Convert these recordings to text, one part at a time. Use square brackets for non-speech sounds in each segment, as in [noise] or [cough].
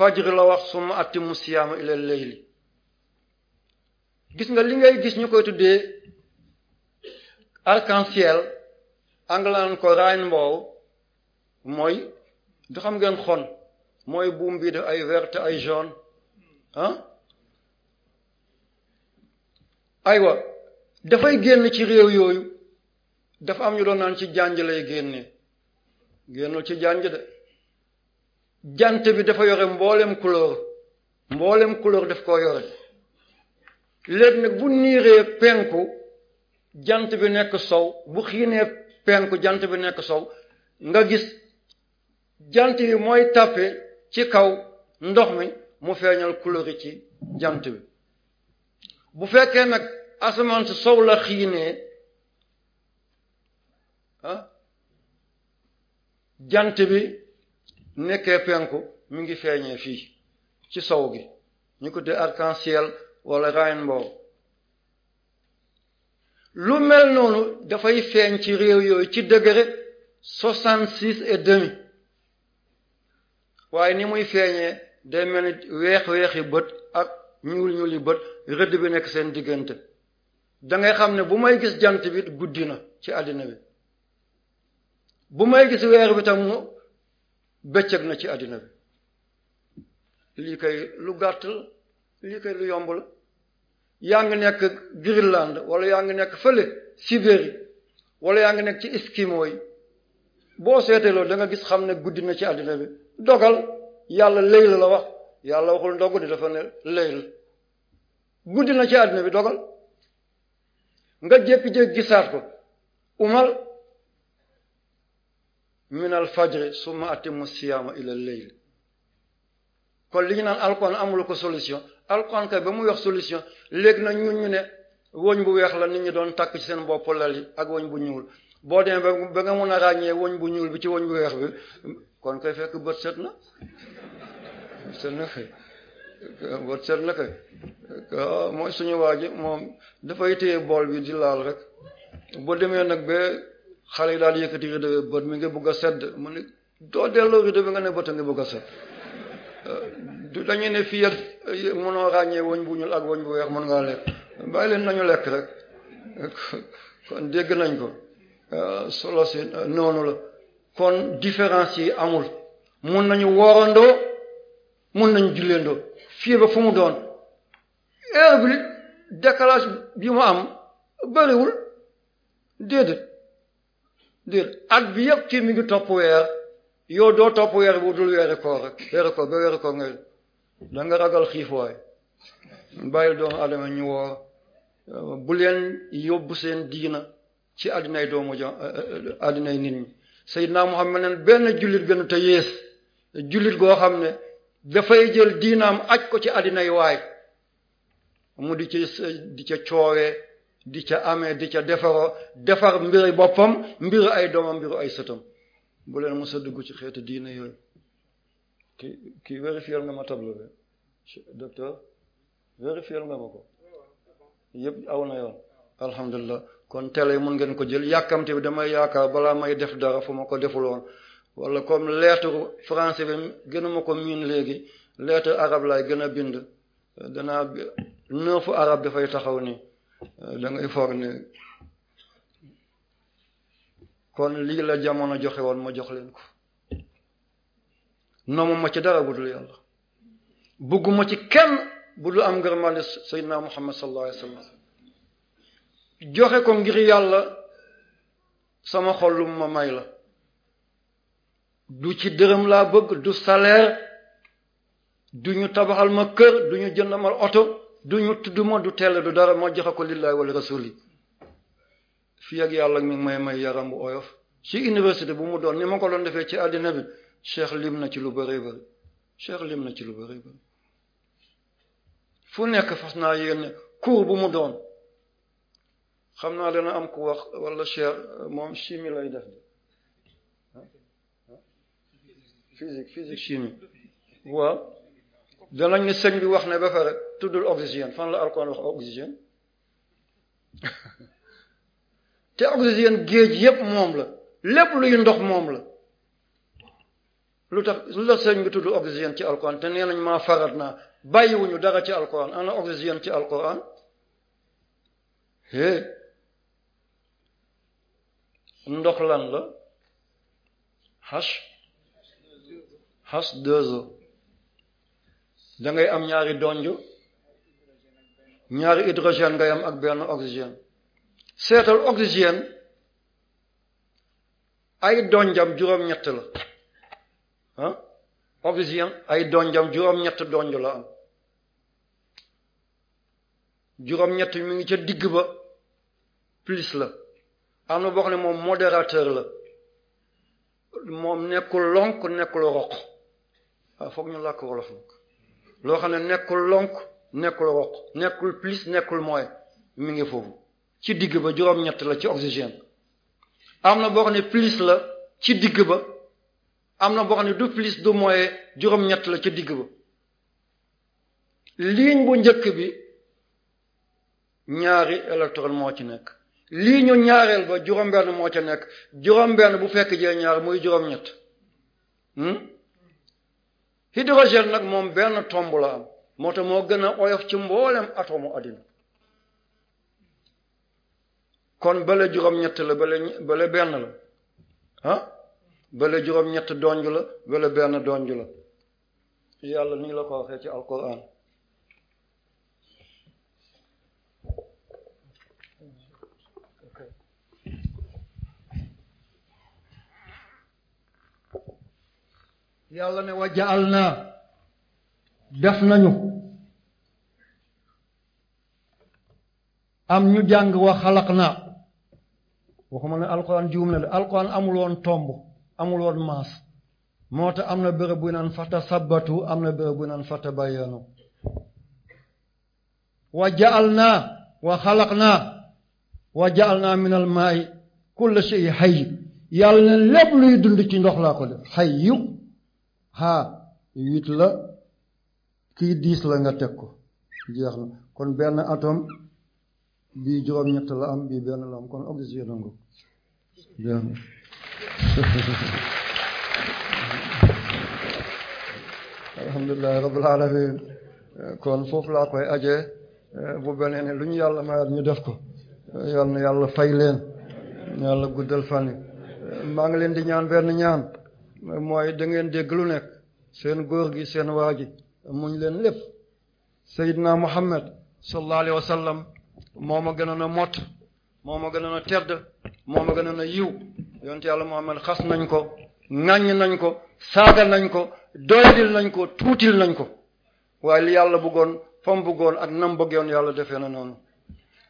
fajr la wax suma atimu siyaama ila layli gis nga li ngay gis ñu koy tuddee arc-en-ciel anglan ko rainbow mooy du xam ngeen xon mooy buum bi def ay vert ay jaune aywa dafay génn ci réew yooyu dafa am ñu doon naan ci janj lay génne génnul ci janj de jant bi dafa yore mboolem couleur mboolem couleur daf koo yore léegi nag bu niiree penku jant bi nekk sow bu xiinee penku jant bi nekk sow nga gis jant bi mooy tàppe ci kaw ndox mi mu feeñal couleur ci jant bi bu fekkee nag asamaan si sow la xiinee ah jant bi nekkee penku mu ngi feeñee fii ci sow gi ñu ko de arc walla ciel wala lu mel noonu dafay feeñ ci réew yooyu ci degré soixante-six et demi waaye ni muy feeñee day mel ni weex weexi bët ak ñuul ñuuli bët rëdd bi nekk seen diggante da xam ne bu may gis jant bi guddi na ci àddina bi bu may gis weer bi tam bëccëg na ci àddina bi lii kay lu gàtt la lii kay lu yomb la yaa ngi nekk Greenland wala yaa ngi nekk fële Sibérie wala yaa ngi nekk ci Eskimo boo seetee loolu da gis xam ne guddi na ci àddina bi dogal yàlla leyl la wax yàlla waxul ndog di dafa ne guddi na ci àddina bi dogal nga jékki-jékki gisaat ko umal min al fajri summa atimmu siyaama ila leyl kon li ñu naan alquran amul ko solution alquran kay ba mu wax solution léegi na ñun ñu ne woñ bu weex la nit ñi doon takk ci seen bopp lal yi ak woñ bu ñuul boo demee ba nga mën a ràññee woñ bu ñuul bi ci wëñ bu weex bi kon koy fekk bët set na bët set na kay mooy suñu waa ji moom dafay téye bool bi di laal rek boo demee nag ba xale yi daal yëkkati rido bët mi nga bugg a sedd mu ne doo delloo rido bi nga ne bët nga bëgg a sedd euh, du dañuy ne fii ak euh, mënoo ràññee woñ bu ñuul ak woñ bu weex mën ngaa lekk bàyyi nañu lekk rek [laughs] kon dégg nañ ko euh, solo si noonu la kon différence yi amul mun nañu woorandoo mun nañu julleendoo fii ba fu mu doon heure décalage bi mu am bariwul déedéet dir at bi yëpp ci mi ngi topp weer yow doo topp weer bu dul weeru koor rek weeru koor ba weeru koor nga da nga ragal xiif waay bàyyi doomu adama ñu woor euh, bu leen yóbbu seen diina ci addinay doomu ja addinay euh, euh, nit ñi Seydina Muhammad neen benn jullit gën te yées jullit goo xam ne dafay jël diinam aj ko ci àddina addinay waay mu di ci di ca coowee di ca amee di ca defaroo defar mbiri boppam mbiru ay doomam mbiru ay sëtam bu leen mos a dugg ci xeetu diine yooyu ki ki vérifié nga ma tableau bi docteur vérifié nga ma ko yëpp aw na yoon alhamdulilah kon télé mun ngeen ko jël yàkkamte bi damay yaakaar balaa may def dara fu ma ko defuloon wala comme lettre français bi gënu ko miin léegi lettre arab laay gën a bind danaa nëfu arabe dafay taxaw nii da ngay for ne kon lii la jamono joxe woon ma jox leen ko noomu ci dara budul yàlla bugguma ci kenn budul am ngërmande Seydina Muhammad sallallahu alayhi wasallam joxe ko ngir yàlla sama xol lu ma may la du ci dërëm laa bëgg du salaire du ñu tabaxal ma kër du ñu jënd mal oto du ñu tudd ma du teel du dara ma joxe ko lillahi wala rasuli ak yàlla mi ngi may may yaram bu oyof ci université bu mu doon ni ma ko doon defee ci àddina bi cheikh lim na ci lu bëree bëri lim na ci lu bëree fu nekk fas naa yéene cours bu mu doon xam naa dana am ku wax walla cheikh moom chimie lay def physique physique chimie waaw danañ ni sëñ bi wax ne ba pare tuddul oxygène fan la alxuraan wax oxygène [laughs] te oxygène géej yépp moom la lépp luy ndox moom la lu tax lu tax sëñ bi tudd oxygène ci alxuraan te nee nañ maa farat naa bàyyiwuñu dara ci alxuraan ana oxygène ci alxuraan hé ndox lan la H H2O da am ñaari donjo ñaari hydrogène ngay am ak benn oxygène seetal oxygène ay donjam juróom-ñett la ah oxygène ay donjam juróom-ñett donj la am juróom-ñett mi ngi ca digg ba plus la am na boo xam ne moom modérateur la moom nekkul lonk nekkul roq waaw ah, foog ñu làkk wolof loo xam ne nekkul lonk nekkul roq nekkul plus nekkul moins mi ngi foofu ci digg ba juróom-ñett la ci oxygène am na boo xam ne la ci digg ba am na boo ni ne du plus du moins juróom-ñett la ci digg ba ligne bu njëkk bi ñaari électron moo ci nekk lii ñu ñaareel ba juróom-benn moo ca nekk juróom-benn bu fekk jee ñaar muy juróom-ñett hmm? hydrogène nag moom benn tomb moo tax moo gën a oyof ci mboolem atomu àddina kon bale juróom-ñett la bale benn la ah bale juróom-ñett donj la bale benn donj la yàlla nii la ko waxee ci alquran yàlla ne wa ja'alna def nañu am ñu jàng wa xalaq naa waxuma ne alquran juum na de alquran amul woon tomb amul woon maas moo tax am na bërëb bu naan fata sabbatu am na bërëb bu naan fata bayanu wa jaal na wa xalaq naa wa jaal naa min al maay kulla shay xay yàlla ne lépp luy dund ci ndox laa ko def xay yu haa yit la kii diis la nga teg ko jeex na kon benn atom bii juróom-ñett la am bii benn la am kon oxygène nga jeex [laughs] alhamdulilah rabbil alamin kon foofu laa koy ajee eh, bu beneen lu ñu yàlla mayat ñu def ko eh, yal na yàlla fay leen yàlla guddal fan yi eh, maa ngi leen di ñaan benn ñaan mooy dangeen ngeen dégg lu nekk seen góor gi seen waa ji muñ leen lépp Seydina Muhammad sallallahu alayhi wa sallam moo ma gënoon a mot moo ma gënoon a tedd moom a gënoon a yiw yonte yàlla Muhammad xas nañ ko ŋàññ nañ ko saaga nañ ko doyadil nañ ko tuutil nañ ko waaye li yàlla bëggoon fam bëggoon ak nam bëggoon yàlla defee na noonu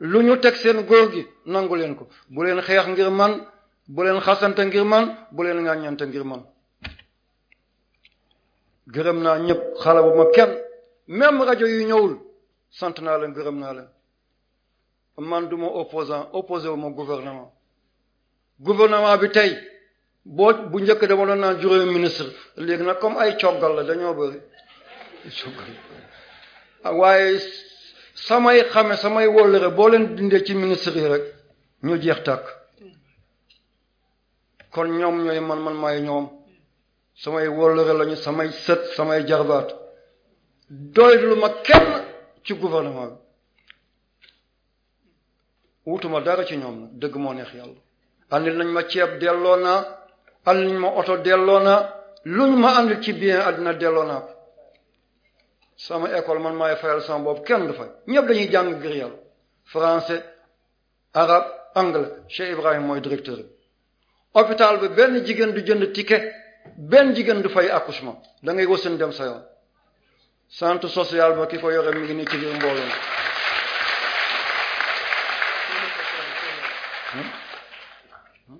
lu ñu teg seen góor gi nangu leen ko bu leen xeex ngir man bu leen xasante ngir man bu leen ŋàññante ngir man gërëm naa ñëpp xala ma kenn même rajo yi ñëwul sant naa leen gërëm naa leen man du ma opposant opposé wu ma gouvernement gouvernement bi tey boo bu njëkk dama doon naan juróomi ministre léegi nag comme ay coggal la dañoo bëri coggal ah, waaye samay xame samay wóllëre boo leen dindee ci ministre yi rek ñu jeex tàkk kon ñoom ñooy man man maay ñoom samay wóllëre ñu samay sët samay jarbaat lu ma kenn ci gouvernement bi wutuma dara ci ñoom nag dëgg moo neex yàlla andil nañ ma ceeb delloo naa andil nañ ma oto delloo naa ñu ma andil ci bien àddina delloo naa ko sama école man maay fayal sama bopp kenn du fay ñëpp dañuy jàng ngir yàlla français arabe anglais Cheikh Ibrahim mooy directeur bi bi benn jigéen du jënd ticket benn jigéen du fay accouchement da ngay dem sa yoon centre social ba ki ko yore mi ngi nii ci biir mbooloo hmm? Hmm?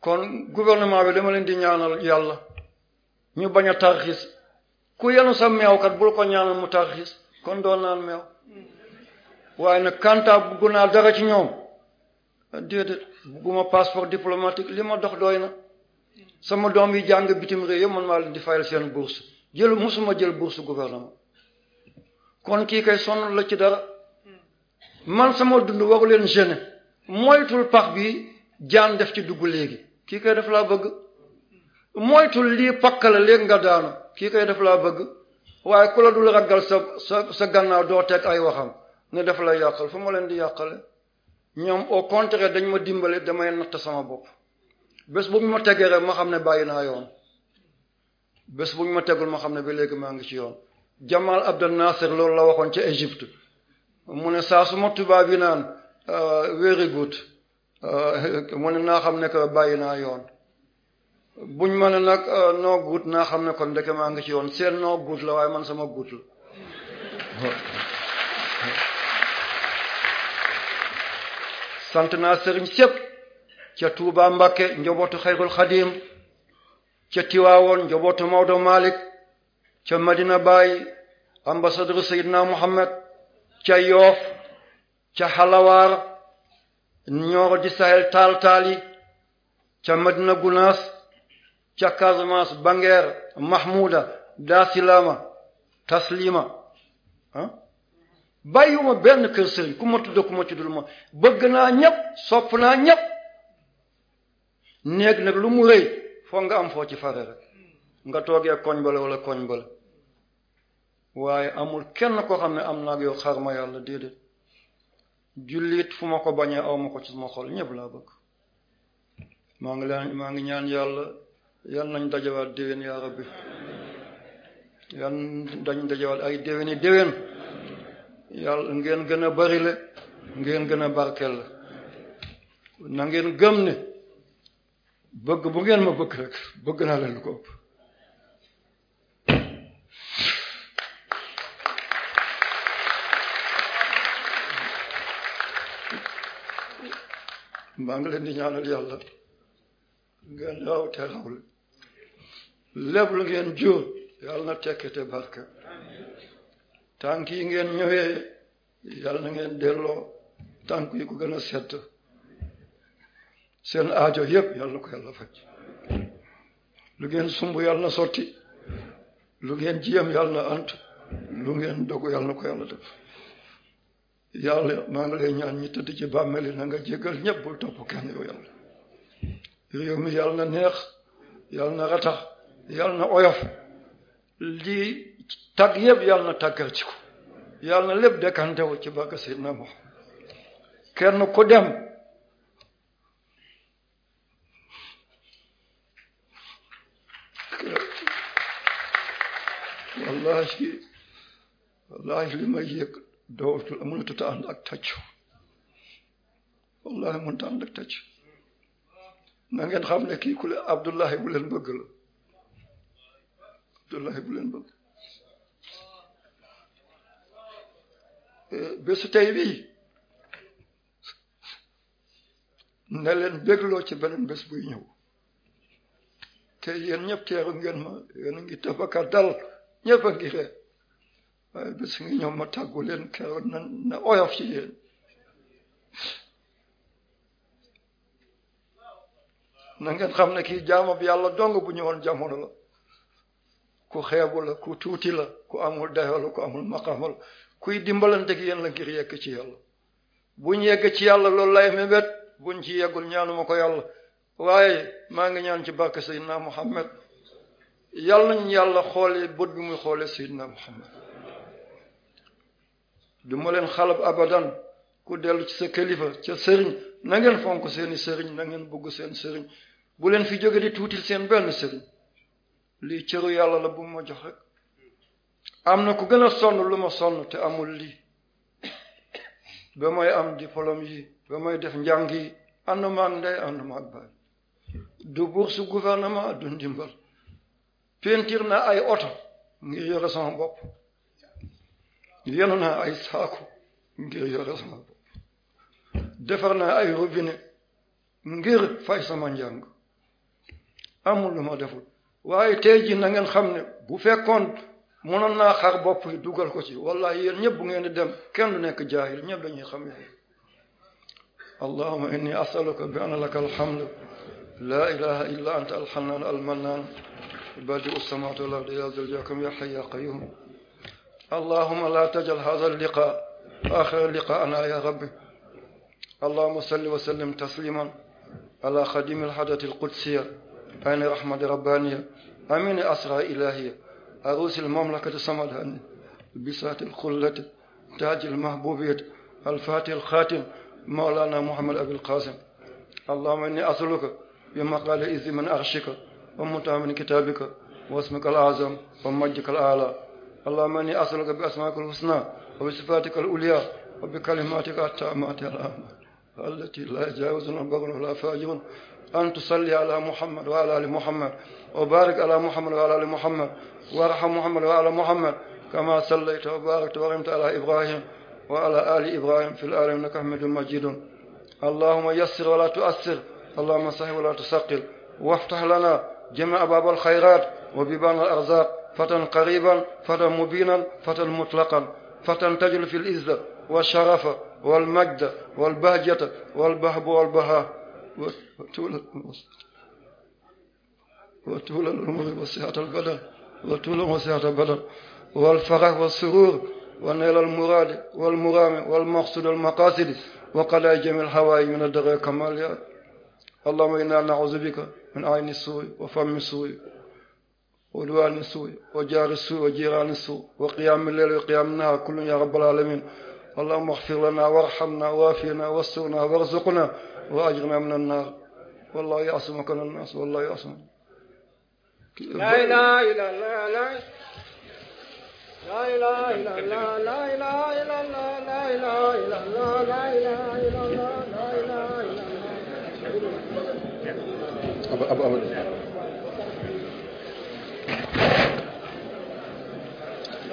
kon gouvernement bi dama leen di ñaanal yàlla ñu bañ a tarxiis ku yenu sa meew kat bul ko ñaanal mu tarxiis kon doon naan meew waaye nag kanta bugg naa dara ci ñoom déedéet bugguma passeport diplomatique li ma dox doy na sama doom yi jàng bitim réew yëpp man maa leen di fayal seen bourse jël musuma jël bourse gouvernement kon kii kay sonn la ci dara man sama dund waru leen gêner moytul pax bi jaan def ci dugg léegi kii kay def laa bëgg moytul lii pakk la léegi nga daanu kii kay def laa bëgg waaye ku la dul ragal sa sa sa gannaaw doo teg ay waxam ne def la yàqal fu ma leen di yàqale ñoom o contraire dañ ma dimbale damay natt sama bopp bés bu ñu ma tegee rek ma xam ne bàyyi naa yoon bés bu ñu ma tegul ma xam ne ba léegi maa ngi ci yoon Jamal Abdel Nasser loolu la waxoon ca Égypte mu ne saa su ma tubaab yi naan very euh, good euh, mu ne naa xam ne que bàyyi naa yoon buñ ma ne nag euh, noo guut naa xam ne kon ndeke maa ngi ci yoon seen noo guut la waaye man sama guut la sant naa sëriñ sëpp ca Touba Mbakke njobootu xayrul xadim ca Tiwaawoon njobootu Maodo Malick ca Madina Baye ambassadeur Seydina Mohamed ca Yoof ca Halawaar Nioro di Sahel taal taali ca Madina Gunaas ca Casamance Bangeer Mahmouda Dasilama Taslima ah? bàyyiwuma benn kër ku ma tudd ku ma dul ma bëgg naa ñëpp sopp naa ñëpp néeg nag lu mu rëy foo nga am foo ci fare rek nga toogee koñ bale wala koñ bale waaye amul kenn koo xam ne am naa ak yow xar ma yàlla déedéet jullit fu ma ko bañee aw ma ko ci sama xol ñëpp laa bëgg maa ngi leen maa ngi ñaan yàlla yal nañ dajawaat déwén yaa rabbi yal nañ dajawaat ay déwéni déwén yàlla ngeen gën a bari le ngeen gën a barkeel la na ngeen gëm ne bëgg bu ngeen ma bëgg rek bëgg naa leen lu ko ëpp maa ngi leen di ñaanal yàlla ngeen raw te raw lépp lu ngeen jur yàlla na tekki te barke tànk yi ngeen ñëwee yàlla na ngeen delloo tànk yi ko gën set seen aajo yëpp yàlla ko yàlla faj lu ngeen sumb yal na sotti lu ngeen jiyam yàlla na ant lu ngeen dogu yàlla na ko yàlla def yàlla maa ngi lay ñaan ñi di ci bàmmeel yi na nga jégal ñëpp bul topp kenn yow yàlla yow mi yàlla na neex yàlla na ratax yal na oyof lii tak yëpp yàlla na tàggal ci ko yàlla na lépp dekkante ci barke Seydina Muhammad kenn ku dem wallahi wallahi li may yëg dootul mënatut a ànd ak tàccu wallahi mënut a ànd ak tàccu xam ne kii ku le Abdullahi bu bëgg E, bésu tey bii ne leen bégloo ci beneen bés buy ñëw te yéen ñëpp teeru ngeen ma yéen a ngi tafaka dal ñëpp a ngi ree waaye bés ngi ñëw ma tàggu leen keroog na oyof ci yéen na ngeen xam ne kii jaama bi yàlla dong bu ñëwoon jamono la ku xeebu la ku tuuti la ku amul dayo la ku amul maqaama la kuy dimbalante ki yenn la ngir yegg ci yàlla buñ yegg ci yàlla loolu lay mébét buñ ci yeggul ñaanuma ko yàlla waaye maa ngi ñaan ci barke Seydina Muhammad yàlla nañ yàlla xoolee bët bi muy xoolee Seydina Muhammad du leen xalab abadan ku dellu ci sa kilifa ca sëriñ na ngeen fonk seeni sëriñ na ngeen bëgg seen sëriñ bu leen fi jóge di tuutil seen benn sëriñ lii cëru yàlla la bu ma jox rek am na ku gën a sonn lu ma sonn te amul lii ba may am diplôme yi ba may def njàng yi ànduma ak ndey ànduma ak baay du bourse gouvernement du ndimbal peintir na ay oto ngir yore sama bopp yenu naa ay saaku ngir yore sama bopp defar naa ay robinet ngir fay sama njàng amul lu ma deful waaye tey ji ngeen xam ne bu fekkoon mënoon naa xar bopp yi dugal ko ci wallahi yéen ñëpp bu ngeen di dem kenn du nekk jaahil ñëpp dañuy xam yàlla allahuma inni asaluka bi anna laka alhamdu laa ilaha illa anta alxanaan almannaan badiu samawati wal ya zal ya hayy ya qayyum la tajal hada alliqa axira ya rabbi allahuma salli wa sallim tasliman ala xadimi alhadati alqudsiya ayni rahmati rabbaniya amini asra ilahiya عروس المملكة سمدان بسات الخلة تاج المحبوبية الفاتح الخاتم مولانا محمد أبي القاسم اللهم إني أسألك بمقال إذ من أغشك ومتع من كتابك واسمك الأعظم ومجدك الأعلى اللهم إني أسألك بأسمائك الحسنى وبصفاتك العليا وبكلماتك التامات التي لا يجاوز البغل ولا فاجر an tusalli ala muhammad wa ala ali muhammad wa barik ala muhammad wa ala ali muhammad warham muhammad wa ala muhammad kama sallayta wa barakta wa rahimta ala ibrahim wa ala ali ibrahim fil alamin innaka hamidun majidun allahumma yassir wa la tu'assir allahumma sahih wa la tusaqqil waftah lana jami'a babal khayrat wa bibanal arzaq fatan qariban fatan mubinan fatan mutlaqan fatan tajlu fil izza wa sharafa wal majda wal bahjata wal bahbu wal baha وطول وطول العمر وسعة البدن وطول وسعة البدن والفرح والسرور ونيل المراد والمرام والمقصود والمقاصد وقضاء جميع الحوائج من الدغى كمال اللهم إنا نعوذ بك من عين السوء وفم السوء ودوان السوء وجار السوء وجيران السوء وقيام الليل وقيام النهار كل يا رب العالمين allahumma ighfir lana warhamna waafina wasturna warzuqna wa ajirna min annaar wallahu ya'simuka min annaas wallahu ya'simuka laa ilaaha illallaah laa ilaaha illallaah laa ilaaha illallaah laa ilaaha illallaah laa ilaaha illallaah laa ilaaha illallaah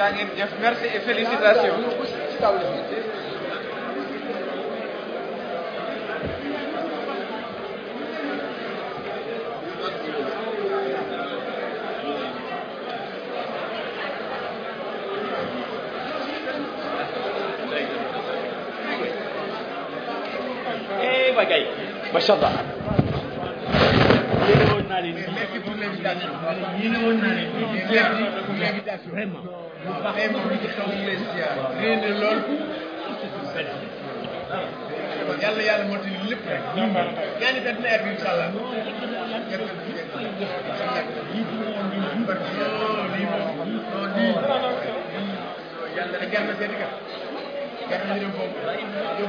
yaa ngeen jëf merci et félicitations. bagay macha allah yéen woon naa leen merci pour l'invitation yéen woon naa leen merci pour l'invitation vraiment vraiment ñu ngi xaw a lay ziar. xëy na lool. yàlla yàlla moo tax lépp rek. yaa ngi benn air bi incha allah. yàlla na gàllankoor